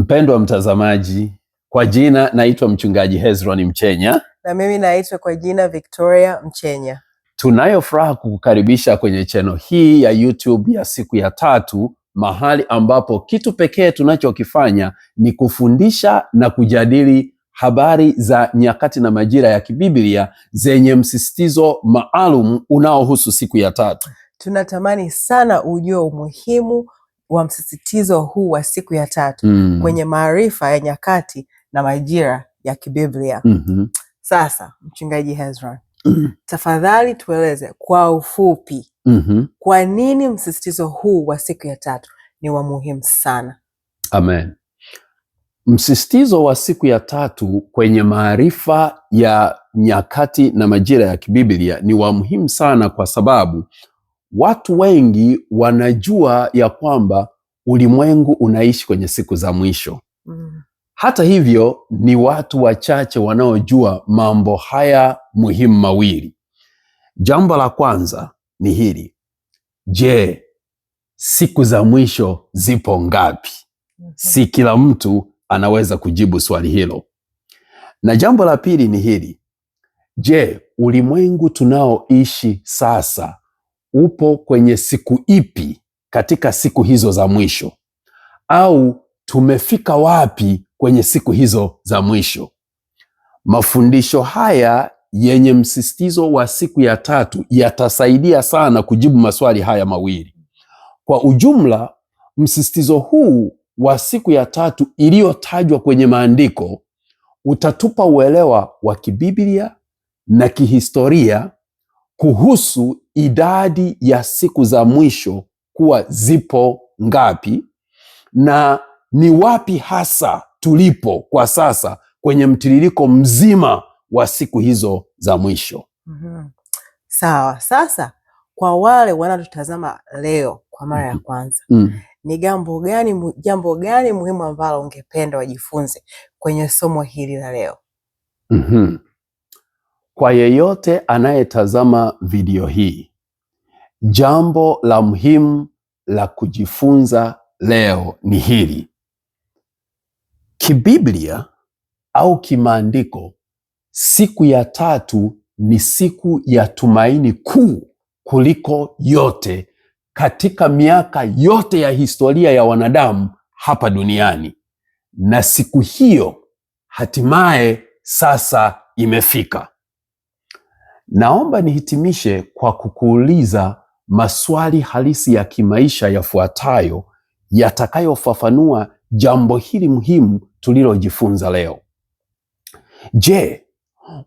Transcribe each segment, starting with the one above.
Mpendwa mtazamaji, kwa jina naitwa mchungaji Hezron Mchenya na mimi naitwa kwa jina Victoria Mchenya. Tunayo furaha kukukaribisha kwenye cheno hii ya YouTube ya siku ya tatu, mahali ambapo kitu pekee tunachokifanya ni kufundisha na kujadili habari za nyakati na majira ya kibiblia zenye msisitizo maalum unaohusu siku ya tatu. Tunatamani sana ujue umuhimu wa msisitizo huu wa siku ya tatu mm. kwenye maarifa ya nyakati na majira ya kibiblia mm -hmm. Sasa mchungaji Hezron mm -hmm. tafadhali tueleze kwa ufupi mm -hmm. kwa nini msisitizo huu wa siku ya tatu ni wa muhimu sana? Amen. Msisitizo wa siku ya tatu kwenye maarifa ya nyakati na majira ya kibiblia ni wa muhimu sana, kwa sababu Watu wengi wanajua ya kwamba ulimwengu unaishi kwenye siku za mwisho. Mm. Hata hivyo ni watu wachache wanaojua mambo haya muhimu mawili. Jambo la kwanza ni hili. Je, siku za mwisho zipo ngapi? Mm-hmm. Si kila mtu anaweza kujibu swali hilo. Na jambo la pili ni hili. Je, ulimwengu tunaoishi sasa upo kwenye siku ipi katika siku hizo za mwisho, au tumefika wapi kwenye siku hizo za mwisho. Mafundisho haya yenye msisitizo wa siku ya tatu yatasaidia sana kujibu maswali haya mawili. Kwa ujumla, msisitizo huu wa siku ya tatu iliyotajwa kwenye maandiko utatupa uelewa wa kibiblia na kihistoria kuhusu idadi ya siku za mwisho kuwa zipo ngapi na ni wapi hasa tulipo kwa sasa kwenye mtiririko mzima wa siku hizo za mwisho. mm -hmm. Sawa. Sasa kwa wale wanatutazama leo kwa mara ya mhm. kwanza mm -hmm. ni jambo gani, jambo gani muhimu ambalo ungependa wajifunze kwenye somo hili la leo? mm -hmm. Kwa yeyote anayetazama video hii, jambo la muhimu la kujifunza leo ni hili: kibiblia au kimaandiko, siku ya tatu ni siku ya tumaini kuu kuliko yote katika miaka yote ya historia ya wanadamu hapa duniani, na siku hiyo hatimaye sasa imefika. Naomba nihitimishe kwa kukuuliza maswali halisi ya kimaisha yafuatayo yatakayofafanua jambo hili muhimu tulilojifunza leo. Je,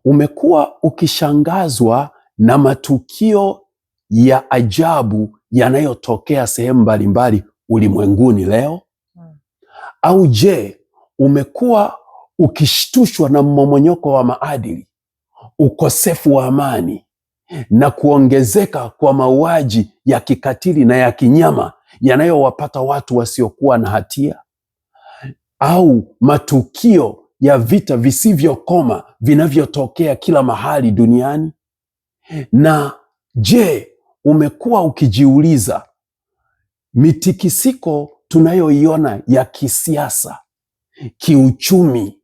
umekuwa ukishangazwa na matukio ya ajabu yanayotokea sehemu mbalimbali ulimwenguni leo? Au je, umekuwa ukishtushwa na mmomonyoko wa maadili ukosefu wa amani na kuongezeka kwa mauaji ya kikatili na ya kinyama yanayowapata watu wasiokuwa na hatia au matukio ya vita visivyokoma vinavyotokea kila mahali duniani? Na je, umekuwa ukijiuliza mitikisiko tunayoiona ya kisiasa, kiuchumi,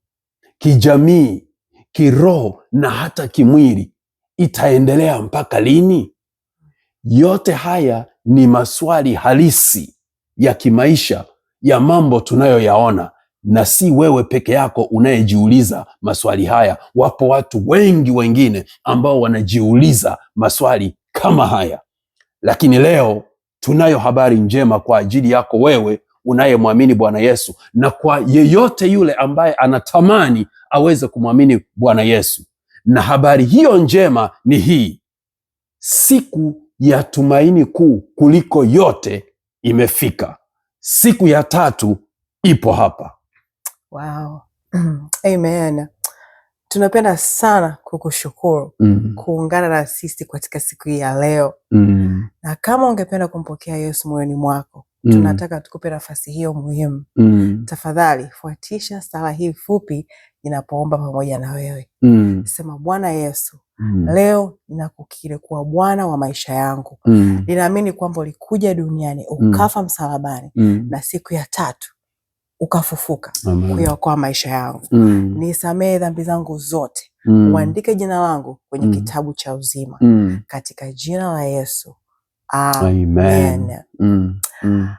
kijamii kiroho na hata kimwili itaendelea mpaka lini? Yote haya ni maswali halisi ya kimaisha ya mambo tunayoyaona, na si wewe peke yako unayejiuliza maswali haya. Wapo watu wengi wengine ambao wanajiuliza maswali kama haya, lakini leo tunayo habari njema kwa ajili yako wewe unayemwamini Bwana Yesu na kwa yeyote yule ambaye anatamani aweze kumwamini Bwana Yesu. Na habari hiyo njema ni hii, siku ya tumaini kuu kuliko yote imefika, siku ya tatu ipo hapa. Wow. Amen. Tunapenda sana kukushukuru mm -hmm. kuungana na sisi katika siku hii ya leo mm -hmm. na kama ungependa kumpokea Yesu moyoni mwako mm. tunataka tukupe nafasi hiyo muhimu mm. Tafadhali fuatisha sala hii fupi ninapoomba pamoja na wewe mm. Sema, Bwana Yesu mm. leo ninakukiri kuwa Bwana wa maisha yangu mm. Ninaamini kwamba ulikuja duniani ukafa mm. msalabani mm. na siku ya tatu ukafufuka kuyaokoa maisha yangu mm. Nisamehe dhambi zangu zote mm. Uandike jina langu kwenye mm. kitabu cha uzima mm. katika jina la Yesu Amen. Mm, mm.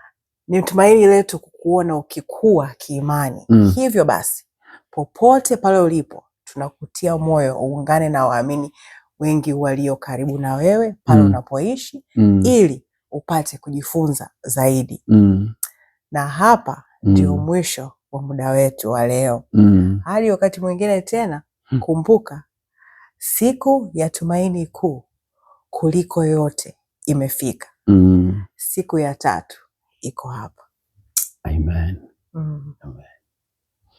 Ni tumaini letu kukuona ukikua kiimani. Mm. Hivyo basi, popote pale ulipo, tunakutia moyo uungane na waamini wengi walio karibu na wewe pale mm. unapoishi mm. ili upate kujifunza zaidi mm. na hapa mm. ndio mm. mwisho wa muda wetu wa leo mm. hadi wakati mwingine tena. Hmm. Kumbuka, siku ya tumaini kuu kuliko yote imefika mm. Siku ya tatu iko hapa. Amen. Mm. Amen.